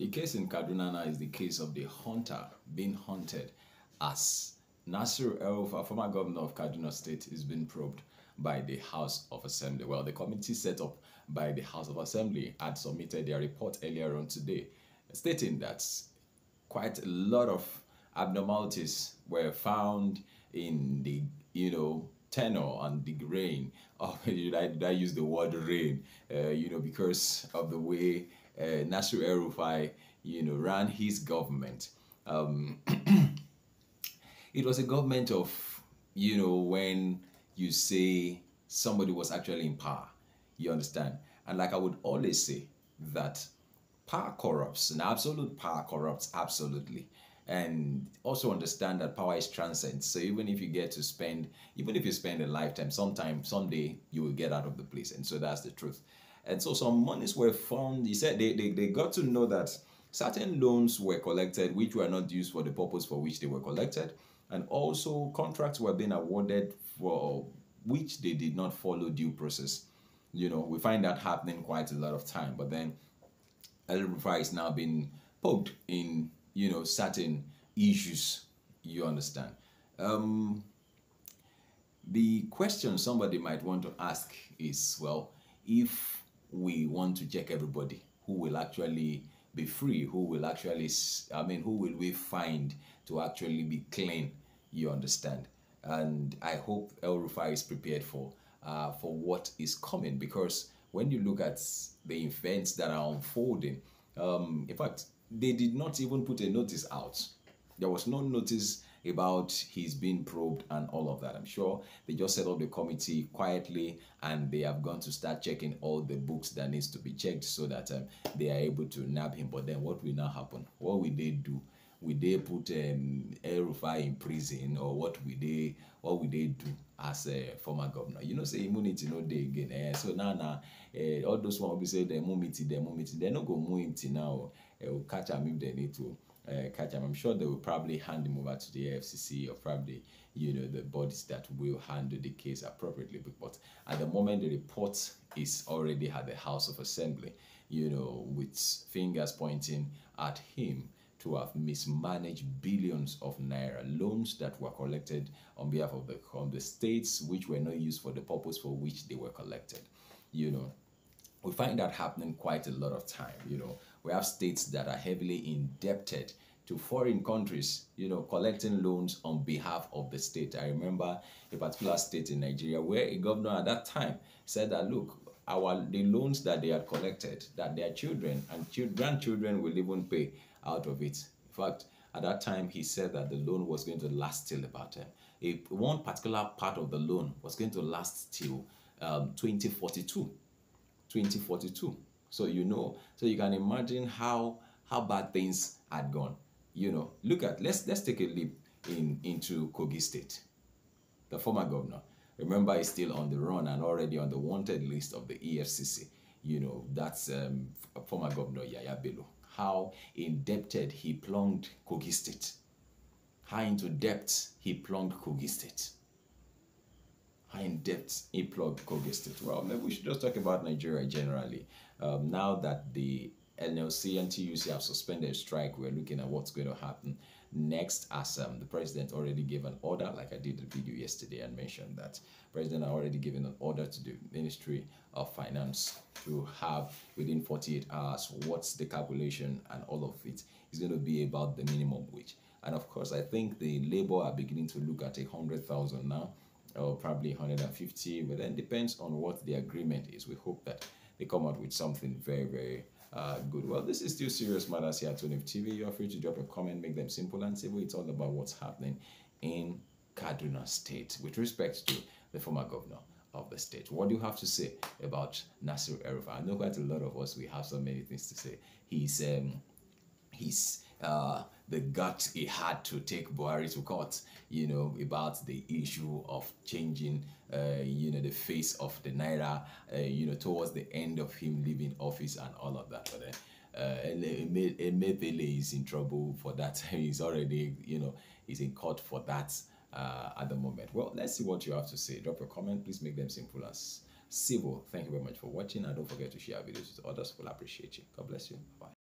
The case in Kaduna now is the case of the hunter being hunted as Nasir Elfa, former governor of Kaduna State, is being probed by the House of Assembly. Well, the committee set up by the House of Assembly had submitted their report earlier on today, stating that quite a lot of abnormalities were found in the, you know, tenor and the grain. Oh, did I, did I use the word rain? Uh, you know, because of the way uh, Nasir Erufai, you know, ran his government. Um, it was a government of, you know, when you say somebody was actually in power, you understand? And like I would always say that power corrupts, and absolute power corrupts absolutely. And also understand that power is transient. So even if you get to spend, even if you spend a lifetime, sometime, someday, you will get out of the place. And so that's the truth. And so some monies were found. He said they, they, they got to know that certain loans were collected which were not used for the purpose for which they were collected. And also contracts were being awarded for which they did not follow due process. You know, we find that happening quite a lot of time. But then El Rufai is now being poked in, you know, certain issues. You understand? Um, the question somebody might want to ask is, well, if we want to check everybody who will actually be free, who will actually, I mean, who will we find to actually be clean? You understand? And I hope El Rufai is prepared for uh, for what is coming because when you look at the events that are unfolding, um, in fact, they did not even put a notice out. There was no notice about he's being probed and all of that. I'm sure they just set up the committee quietly and they have gone to start checking all the books that needs to be checked so that um, they are able to nab him. But then what will now happen? What will they do? Will they put um, Erufai in prison or what will they what will they do as a former governor? You know, say immunity no day again. Eh? So now, now eh, all those one will be say they immunity, it, they move it, they no go move it now. Eh, catch them if they need to. Uh, catch I'm sure they will probably hand him over to the AFCC or probably, you know, the bodies that will handle the case appropriately. But at the moment, the report is already at the House of Assembly, you know, with fingers pointing at him to have mismanaged billions of naira loans that were collected on behalf of the, on the states which were not used for the purpose for which they were collected you know we find that happening quite a lot of time you know we have states that are heavily indebted to foreign countries, you know, collecting loans on behalf of the state. I remember a particular state in Nigeria where a governor at that time said that, look, our the loans that they had collected, that their children and children, grandchildren will even pay out of it. In fact, at that time, he said that the loan was going to last till about uh, a, one particular part of the loan was going to last till um, 2042. 2042. So you know. So you can imagine how how bad things had gone. You know, look at let's let's take a leap in into Kogi State. The former governor, remember, is still on the run and already on the wanted list of the EFCC. You know, that's um, former governor Yaya Bello. How indebted he plunged Kogi State. How into debt he plunged Kogi State. How in depth he plunged Kogi State. Well, maybe we should just talk about Nigeria generally um, now that the NLC and TUC have suspended strike, we're looking at what's going to happen next as um, the president already gave an order, like I did the video yesterday and mentioned that president already given an order to the Ministry of Finance to have within 48 hours what's the calculation and all of it is going to be about the minimum wage. And of course, I think the labor are beginning to look at a hundred thousand now, or probably 150, but then depends on what the agreement is. We hope that they come out with something very, very uh, good. Well, this is still Serious Matters here at Tunif TV. You're free to drop a comment, make them simple and simple. It's all about what's happening in Kaduna State with respect to the former governor of the state. What do you have to say about Nasir Erufai? I know quite a lot of us, we have so many things to say. He's, um, he's, uh, the guts he had to take Buhari to court, you know, about the issue of changing, uh, you know, the face of the Naira, uh, you know, towards the end of him leaving office and all of that. But then, uh, Emebele uh, is in trouble for that. he's already, you know, he's in court for that uh, at the moment. Well, let's see what you have to say. Drop your comment. Please make them simple as civil. Thank you very much for watching. And don't forget to share videos with others. We'll appreciate you. God bless you. Bye.